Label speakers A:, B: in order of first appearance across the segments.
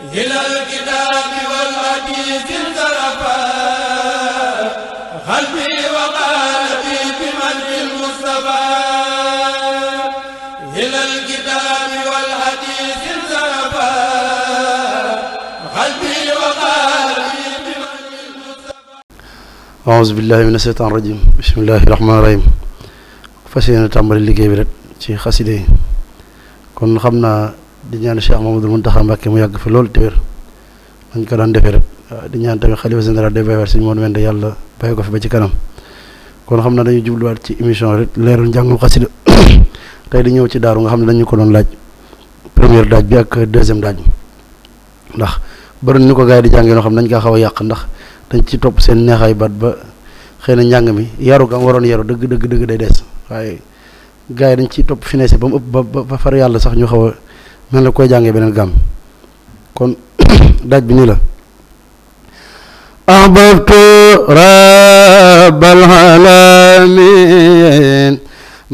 A: aouzu billahi mina seytaan rajim bismillahi rahmaani rahim fas yéene tàmbali liggéey bi rek ci xaside yi kon xam naa di ñaan Cheikh Mamadou Mountakha Mbacké mu yàgg fi loolu te wér nañ ko daan defee rek di ñaan tamit xalifa général des Baye suñu moon wende yàlla bàyyi ko fi ba ci kanam kon xam na naa dañuy jubluwaat ci émission rek leeral njàngum xasida tey di ñëw ci daaru nga xam ne dañu ko doon laaj première daaj bi ak deuxième daaj bi ndax bëri ñu ko gars di jàngee noo xam ne dañ kaa xaw a yàq ndax dañ ci topp seen neexaay baat ba xëy na njàng mi yaru gam waroon yaru dëgg dëgg dëgg day des waaye gars dañ ciy topp finesse yàlla sax ñu xaw a nan la koy jàngee beneen gàmm kon daaj bi nii la ahbabtu rabbal alamin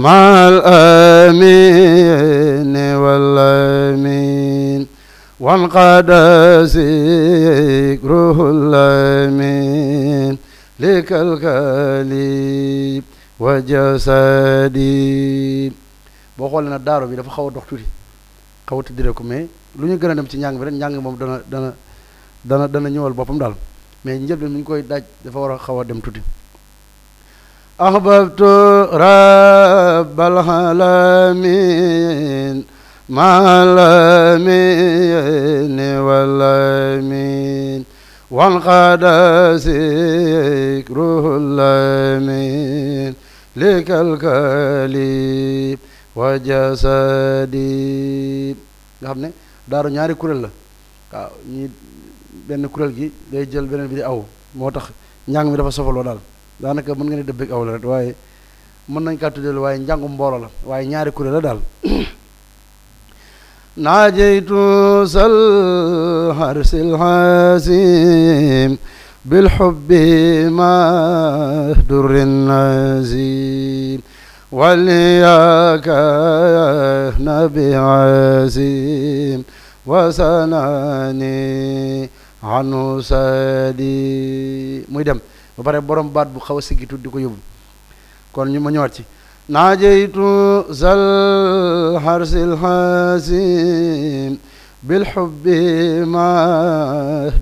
A: mal amin wal amin wan qadasi ruhul amin likal kalib wa jasadi boo na daaro bi dafa xaw a dox tuuti xawata dire ko mais lu ñu gën a dem ci njàng bi rek njàng moom dana dana dana ñëwal boppam daal mais njël bi mi ngi koy daaj dafa war a xaw a dem tuuti ahbabtu rabbal alamin malamin walamin wanqada zikrullamin likal kalib wa jasadi nga xam ne daaru ñaari kuréel la waaw ñi benn kuréel gi day jël beneen bi di aw moo tax njàng mi dafa sofaloo daal daanaka mën nga ne dëbbeeg aw la rek waaye mën nañ kaa tuddeel waaye njàngum mbooloo la waaye ñaari kuréel la daal naajeytu sal harsil hasim bilxubbi ma durin nazim ولياك نبي عزيم wasanani anu sadi muy dem ba pare borom baat bu xaw a siggi tuddi ko yóbbu kon ñu ma ñëwaat ci naajeytu zal harsil hasim bil hubbi ma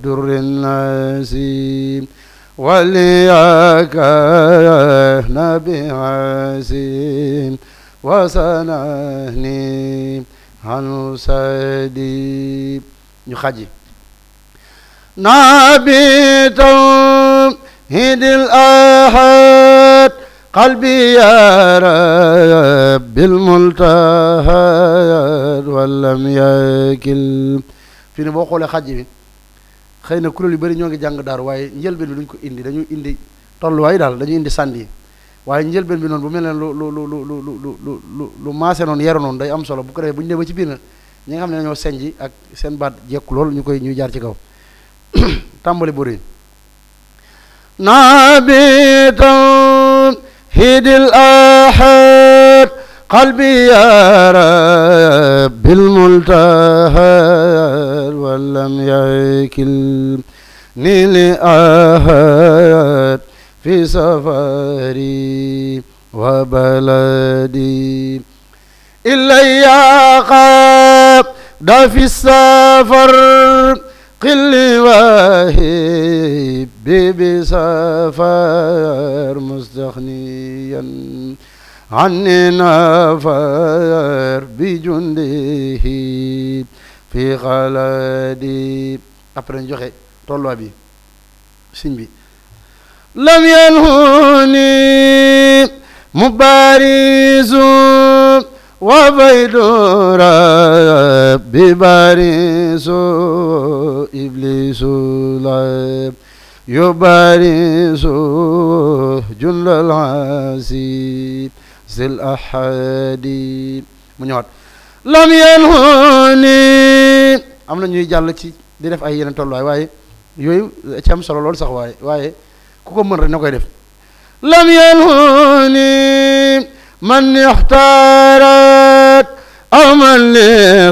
A: durrin nasim ولياك نبي عزيم وسنهني عن سيدي يخجي نبي توحيد الأحد قلبي يا رب الملتهد ولم يكل في نبوخ ولا خجي xëy na kuréel yu bari ñoo ngi jàng daaru waaye njëlbeen bi duñ ko indi dañu indi tolluwaay daal dañu indi sànd yi waaye njëlbeen bi noonu bu mel ne lu lu lu lu lu lu maase noonu yaru noonu day am solo bu ko defee bu ñu ne ba ci biir na ñi nga xam ne dañoo senji ak seen baat jekku lool ñu koy ñuy jaar ci kaw tàmbali bur naa bi tawhidil ahad قلبي يا رب الملتهى ولم يكلني لأحد في سفري وبلدي إلي قد في السفر قل وهب بسفر مستغنيا عننا فار بجنده في خلدي après ñu joxe tolloo bi siñ bi lam yalhuni mubarizu wa baydu rabbi barisu iblisu la yubarisu jundal hasib zil lam yanhuni am na ñuy jàll ci di def ay yeneen tolluwaay waaye yooyu ci am sax waaye ku ko mën rek na def lam yanhuni man ixtaarat aw man li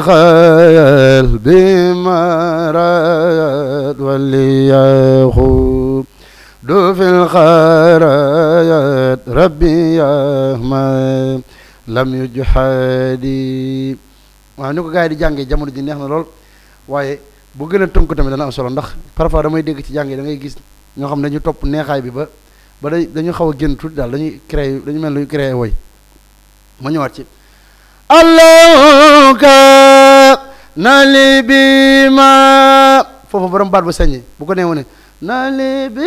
A: xayal bi marat wali yaxu du fil xayraat rabbi yaa ma lam yujhadi waaw ni ko gars yi di jàngee jamono ji neex na lool waaye bu gën a tënk tamit dana am solo ndax parfois damay dégg ci jàng yi da gis ñoo xam ne dañu topp neexaay bi ba ba day dañu xaw a génn tuuti daal dañuy créé dañu mel luy créé woy ma ñëwaat ci allahu ka na li bi borom baat bu saññi bu ko nee ne nali bi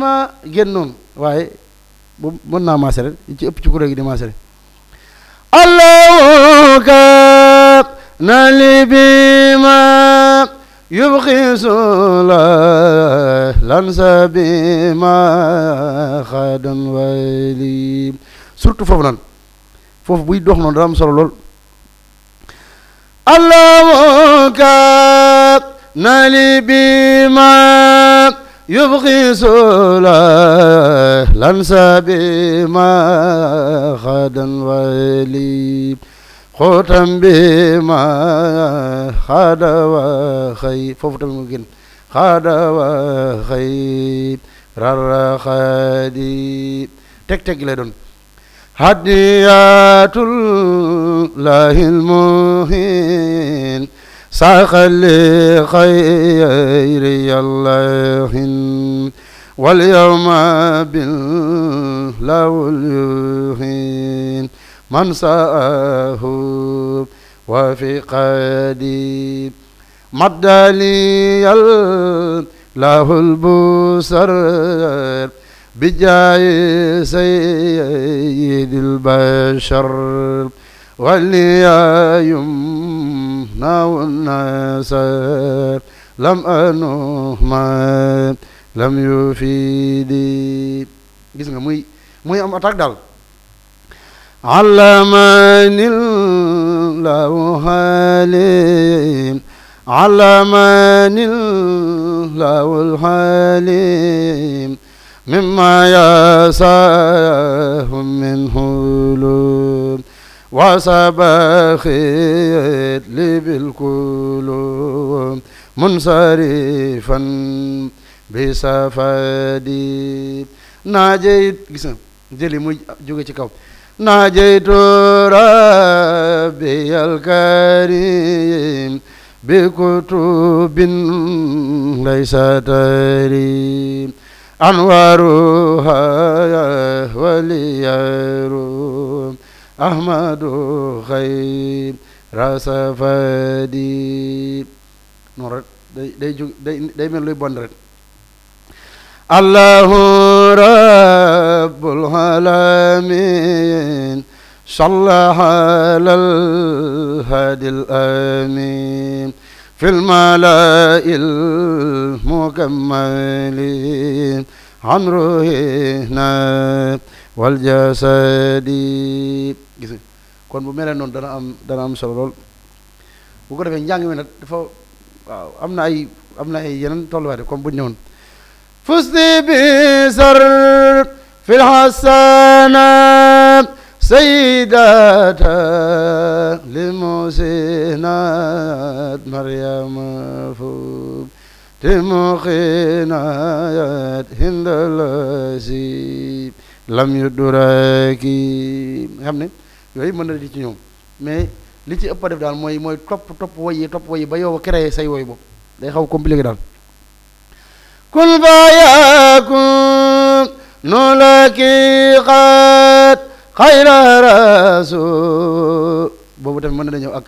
A: ma génn waaye bu mën naa maase rek ci ëpp ci kuréel gi di maase rek allahu kat nali bi ma yubxisu la lansa bi ma xadan wayli surtout foofu noonu foofu buy dox noonu dara am solo lool allahu kat nali bi ma يبغي سولا لنسى بما خدا ويلي xootam bi ma xaada wa xëy foofu tamit mu wa xëy rara xaadi teg teg lay doon hadiyatul lahil saaqali xayri yàllahin wal yawma bil lawul yuhin man saahu wa fi qadi maddali yal lahul busar bijaayi sayyidil bashar waliyayum ناو النسر لم أنه ما لم يفيدي gis nga muy muy am attaque daal وصباخت لي بالقلوب منصرفا بسفدي ناجيت gis na jëli muy jóge ci kaw ناجيت ربي الكريم بكتب ليس تري أنوارها وليار ahmadu xayra safadi noonu rek day day jóg day day mel luy bond rek allahu rabbul alamin صلى على wal jasadi gis kon bu melee noonu dana am dana am solo lool bu ko defee njàng mi am na ay am na ay yeneen tolluwaay de comme bu ñu ñëwoon fusti bi sar fi lxasanat sayidata limusinat mariama fub timuqinat hindalasi lam yu duraki nga xam ne yooyu mën na di ci ñoom mais li ci ëpp a def daal mooy mooy topp topp woy yi topp woy yi ba yow a créé say woy bopp day xaw compliqué daal kul bayakum nu laki xat xayra rasul boobu tamit mën na da ñëw ak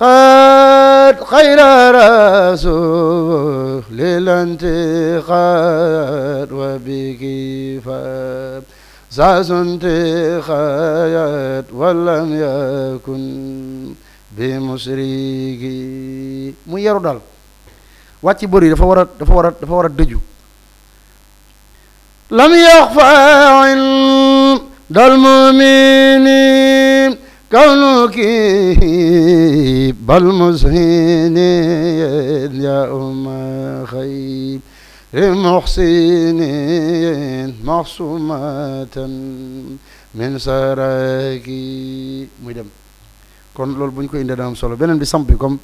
A: قد خير رسول للانتقاد وبك فابساس انتقاد ولم يكن بمشركي mu yaru daal wàcc bër yi dafa war a dafa war a dafa war a dëju lam yaxfa dal muminin كونك بل مزهين يا أم خير محسنين محسومة من muy dem kon loolu bu ñu koy da solo beneen bi samp comme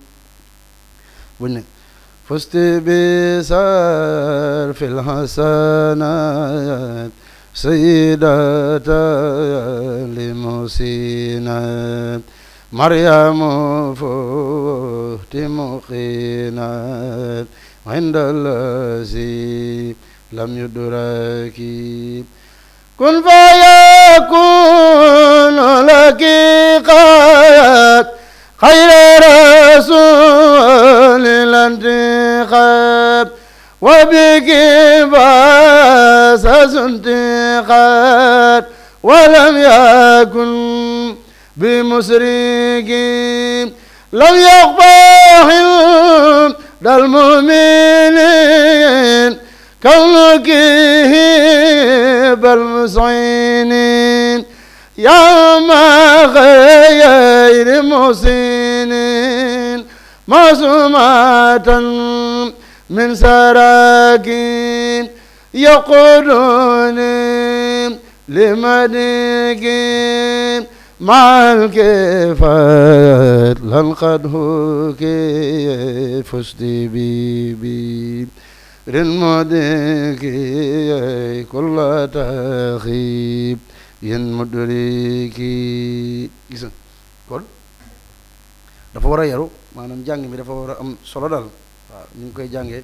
A: bu ñu ne فزت بسار موسينا مريم فوت مقينا عند الذي لم يدرك كن فيكون لك قد خير رسول الانتخاب وبك باس انتخاب ولم يكن بمسرقي لم يقبح دا المؤمنين كونك بالمسعينين يا ما غير محسنين معصومة من سراكين يقولون لمديك مع الكفات لن قد هوكي فزت بي للمديك كل تخيب yen mudriki kii nga kon dafa war a yaru maanaam jàng mi dafa war a am solo daal waaw ñu ngi koy jànge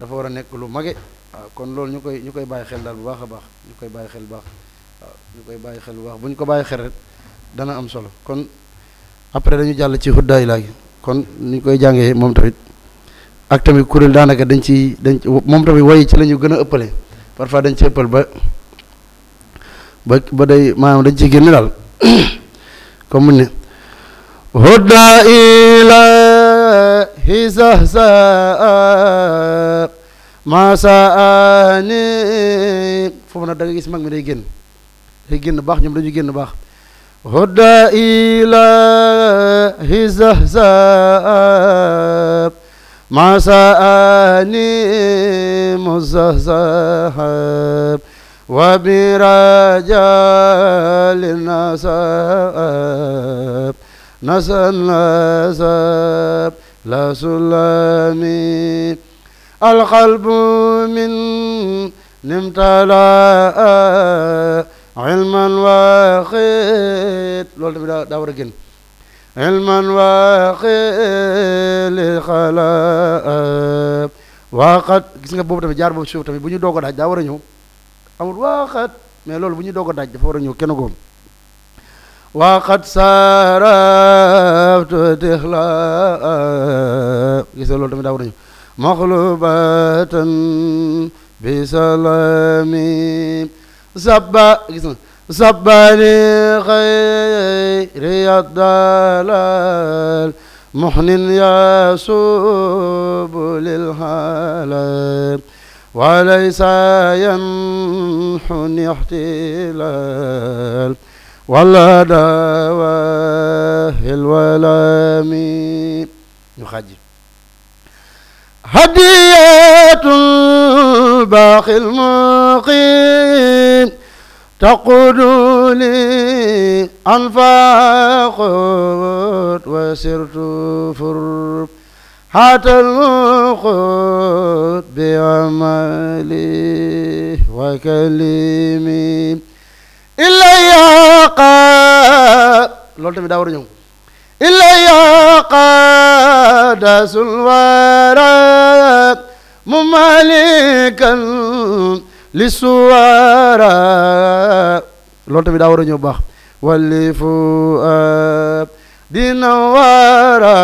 A: dafa war a nekk lu mage waaw kon loolu ñu koy ñu koy bàyyi xel daal bu baax a baax ñu koy bàyyi xel baax waaw ñu koy bàyyi xel bu baax bu ñu ko bàyyi xel dana am solo kon après dañu jàll ci xuddaay laagi kon niñ koy jàngee moom tamit ak tamit kuréel daanaka dañ ci dañ moom tamit woy ci la ñu gën a ëppale parfois dañ ci ëppal ba ba ba day maanaam dañ ci génn daal comme mu ne xuddaa ilaahi sahsaa masaani fu mu ne da nga mi day génn day génn baax ñoom dañuy génn baax huda ilahi zahzab masaani muzahzab wa birajalin nasab nasan nasab la sulami القلب من امتلا علما وخيل loolu tamit daa war a génn علما وخيل خلا waxat gis nga boobu tamit jaar boobu suuf tamit bu ñu doog a daaj daa war a ñëw amul waxat mais loolu bu ñu doog a daaj dafa war a ñëw kenn goom waxat saraftu dixla gis nga loolu tamit daa war a ñëw مغلوبة بسلام زبا زبا لغير الضلال محن يصوب للحال وليس ينحن احتلال ولا دواء الولام يخجل هدية باقي المقيم تقول لي أنفقت وسرت فر حتى الوقت بعملي وكلمي إلا يقى لولتمي داور نيو إلي قادس الورى ممالكا للسوارى loolu tamit daa war a ñëw baax wali fuad dinawara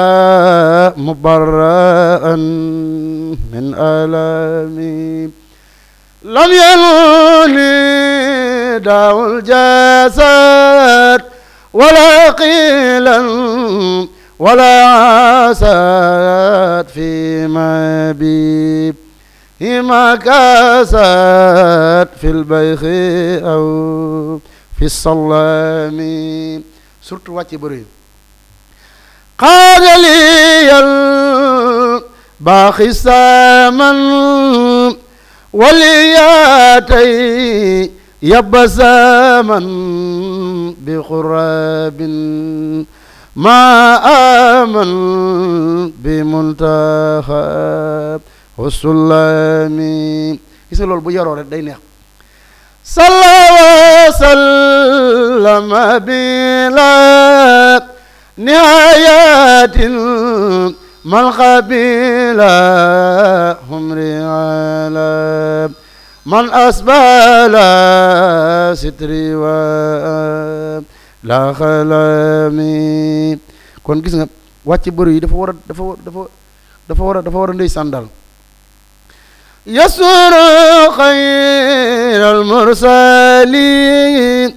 A: mubarraan min alami lam yaluni daawul jasad ولا قيلا ولا عاسات فيما بيب هما كاسات في البيخ أو في الصلام surtout wàcce bëri قال لي الباخي ساما ولياتي يبساما بغراب ما آمن بمنتخب السلام gis nga loolu bu yaroo rek day neex صلى وسلم بلا نهايات ما القبيلة هم رعالا من أسبل ستري wa la xalami kon gis nga wàcc bëru yi dafa war dafa dafa dafa war a dafa war a ndey sàndal yasuru xayr al mursalin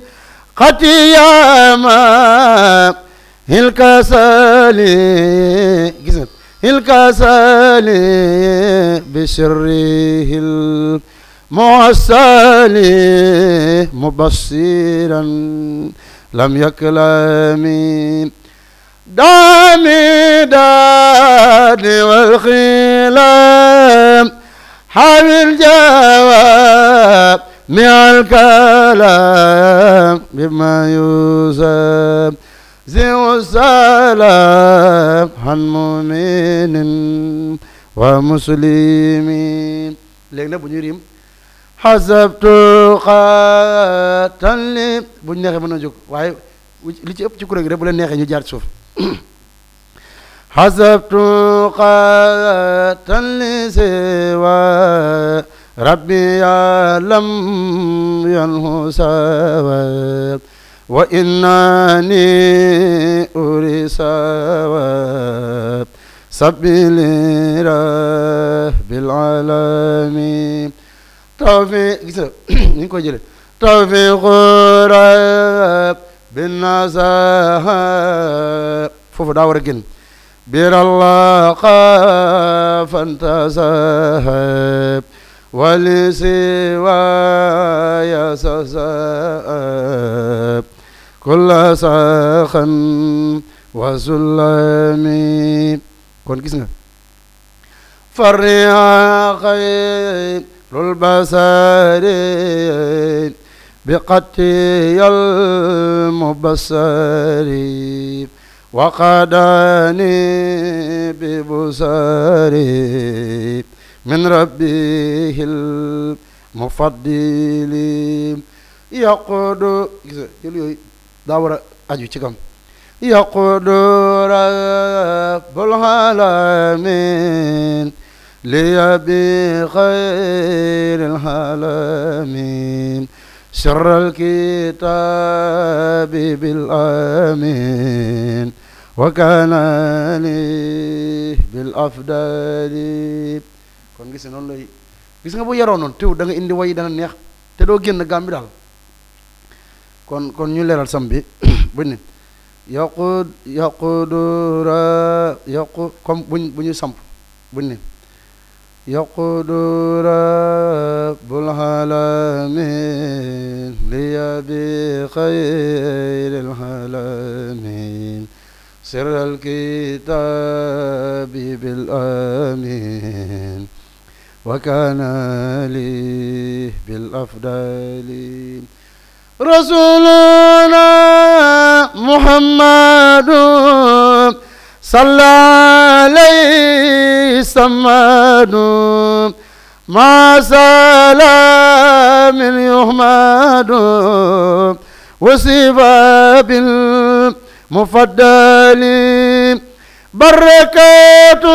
A: xatiyama hilkasali gis nga hilkasali bi موساني مبصرا لم يكلمي دامي دادي والخلام حامل جواب من الكلام بما يوسف زو السلام عن مؤمن ومسلم léegi nag bu ñuy rim xasabtu xaatan li bu ñu neexee mën na jóg waaye li ci ëpp ci kuréel gi rek bu leen neexee ñu jaar ci suuf xasabtu xaatan li siwa rabbi yaalam yanhu sawa wa innani uri sawa sabili rabbil alamin tawfiq gis nga ni ñu koy jëlee tawfiqu rabbin nasaa foofu daa war a bir allah xafantasahab wali siwaaya sasahab kulla saxan wa sullami kon gis nga farriha xayb البصر بقتي المبصر وقداني ببصري من ربه المفضل يقود daa war a aju ci kam يقود رب العالمين لي بخير العالمين سر الكتاب بالآمين وكان لي بالأفضل kon gis nga noonu lay nga bu yaroo noonu teew da indi way dana neex te doo génn gàm bi daal kon kon ñu leeral sam bi buñ ne yaqud yaqudura yaqu bu ñu يقول رب العالمين لي بخير العالمين سر الكتاب بالآمين وكان لي بالأفضل رسولنا محمد صلى عليه الصمد مع سلام يحمد وصف بالمفضل بركات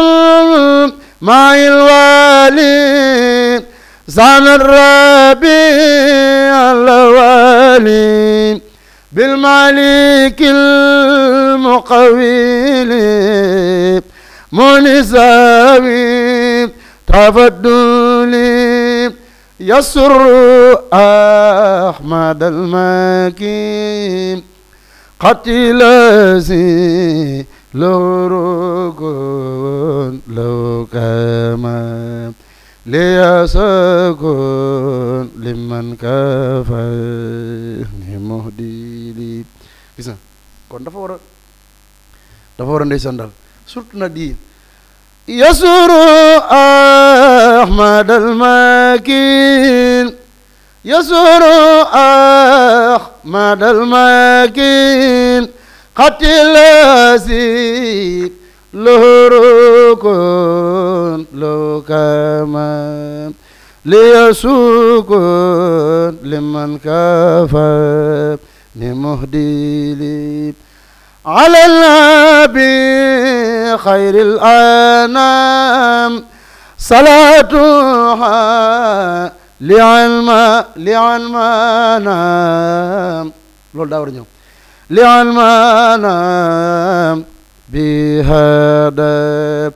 A: مع الوالي زان الربيع الوالي بالمليك المقويل منسابي تفضلي يسر أحمد المكيم قتل زي لو ركن لو كما ليسكن لمن كفر kon dafa war a dafa war a ndeysaan daal surtout nag di yasuru ahmad almakin yasuru ahmad almakin xatilasi lorukon lokaman liyasukon liman ni muhdili على النبي خير الأنام صلاتها لعلم لعلمنا loolu daa war a ñëw لعلمنا بهذا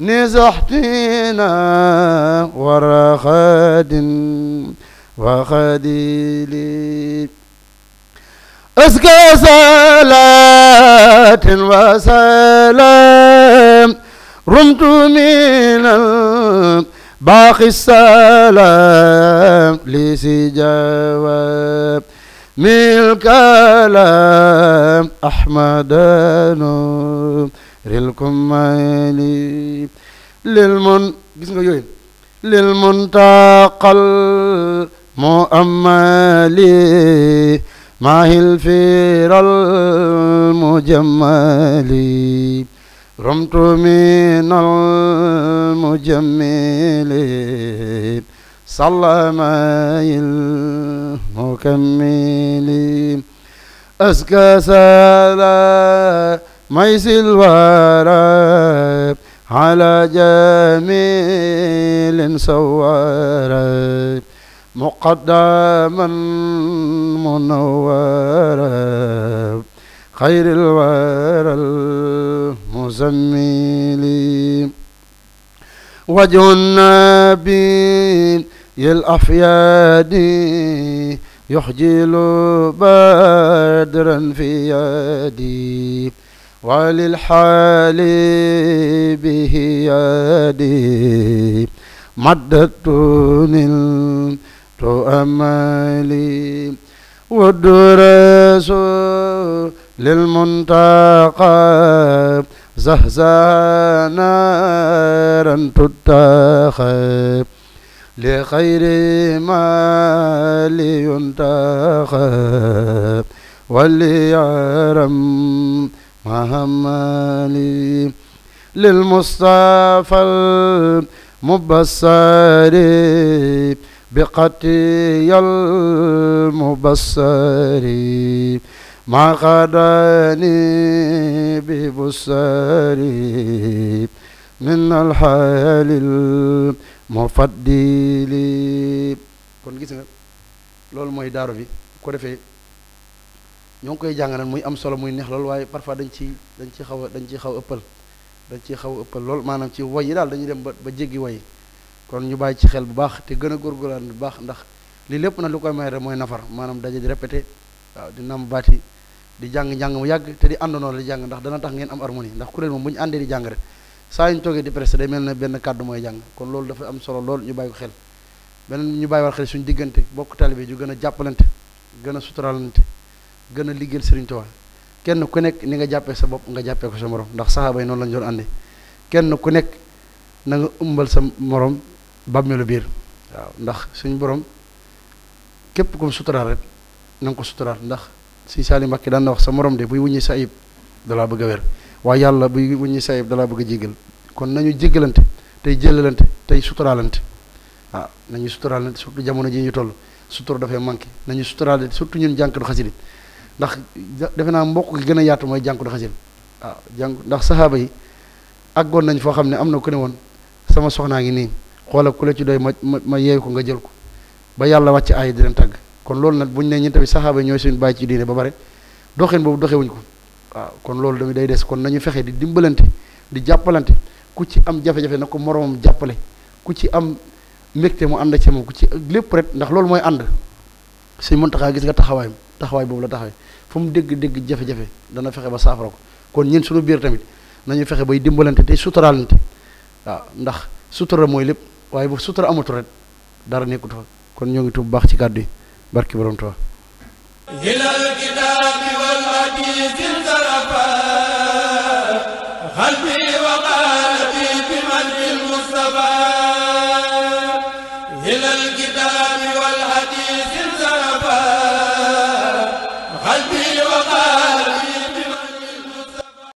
A: نزحتنا ورا خاد وخديلي أزكى صلاة وسلام رمت من باقي السلام لسي جواب من الكلام أحمد نور الكمالي للمن للمنتقى المؤملي معه الفير المجمل رمت من المجمل صلى معي المكمل أزكى سلا ميس الورى على جميل صورت مقدما منورا خير الورى المزمل وجه النبي الأفياد يحجل بدرا في يدي وللحال به يدي مدتني أمالي والدرس للمنتقى زهزا نارا تتخب لخير ما لينتخب وليعرم مهمالي للمصطفى المبصري بقتي المبصر ما غداني ببصري من الحال المفضل kon gis nga loolu mooy daaro bi ko defee ñoo koy jàngal muy am solo muy neex lool waaye parfois dañ ci dañ ci xaw a dañ ci xaw a ëppal ci xaw a ëppal loolu maanaam ci woy yi daal dañuy dem ba ba jéggi woy kon ñu bàyyi ci xel bu baax te gën a góorgóorlaan bu baax ndax lii lépp na lu koy may rek mooy nafar maanaam daje di répété waaw di nam baati di jàng-njàng mu yàgg te di àndandoo la di jàng ndax dana tax ngeen am harmonie ndax kuréel moom bu ñu àndee di jàng rek saa ñu toogee di presse day mel ne benn kàddu mooy jàng kon loolu dafa am solo lool ñu bàyyi ko xel beneen ñu bàyyi war xel suñu diggante bokk talibe ju gën a jàppalante gën a suturalante gën a liggéeyal Sëriñ Tuubaa kenn ku nekk ni nga jàppee sa bopp nga jàppee ko sa morom ndax saxaaba yi noonu lañu doon àndee kenn ku nekk na nga umbal sa moroom bàmmeelu biir waaw ndax suñu borom képp ku mu suturaal rek na ko suturaal ndax si Saali Mbàkke daan na wax sa morom de buy wuññi sa ayib dalaa bëgg a wér waaye yàlla buy wuññi sa ayib dalaa bëgg a jéggal kon nañu jéggalante tey jëllalante tey suturaalante waaw ah, nañu suturaalante surtout jamono ji ñu toll sutur dafay manqué nañu suturaalante surtout ñun jànkatu xasida ndax defe naa mbokk gi gën a yaatu mooy jànkatu xasida waaw ah, jànk ndax saxaaba yi àggoon nañ foo xam ne am na ko ne woon sama soxnaa ngi nii xoola ku la ci doy ma ma ma yeew ko nga jël ko ba yàlla wàcc aay di leen tàgg kon loolu nag buñ ne ñun tamit saxaaba yi ñooy suñu bàyyi ci diine ba bare doxin boobu doxewuñ ko waaw kon loolu tamit day des kon nañu fexe di dimbalante di jàppalante ku ci am jafe na ko moroomam jàppale ku ci am mbégte mu ànd ci moom ku ci lépp rek ndax loolu mooy ànd suñ mën taxaa gis nga taxawaayam taxawaay boobu la taxawee fu mu dégg-dégg jafe dana fexe ba saafara ko kon ñun suñu biir tamit nañu fexe bay dimbalante tey suturaalante waaw ndax sutura mooy lépp waaye bu sutura amatul rek dara nekkut fa kon ñoo ngi tuub baax ci kàddu yi barki borom Tuubaa